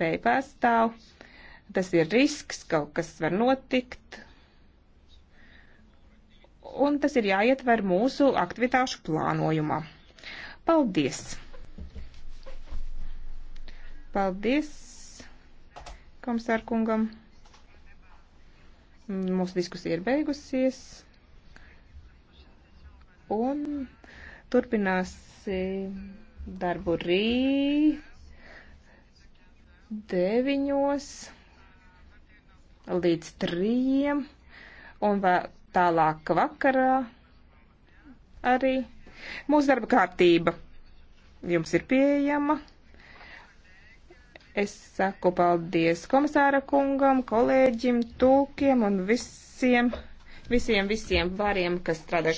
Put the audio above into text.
iespēja pastāv, tas ir risks, kaut kas var notikt, un tas ir jāietver mūsu aktivitāšu plānojumā. Paldies! Paldies komisārkungam. Mūsu diskusija ir beigusies. Un turpināsim darbu rīt deviņos līdz trījiem un tālāk vakarā arī mūsu darba kārtība jums ir pieejama. Es saku paldies komisāra kungam, kolēģim, tūkiem un visiem, visiem, visiem variem, kas strādā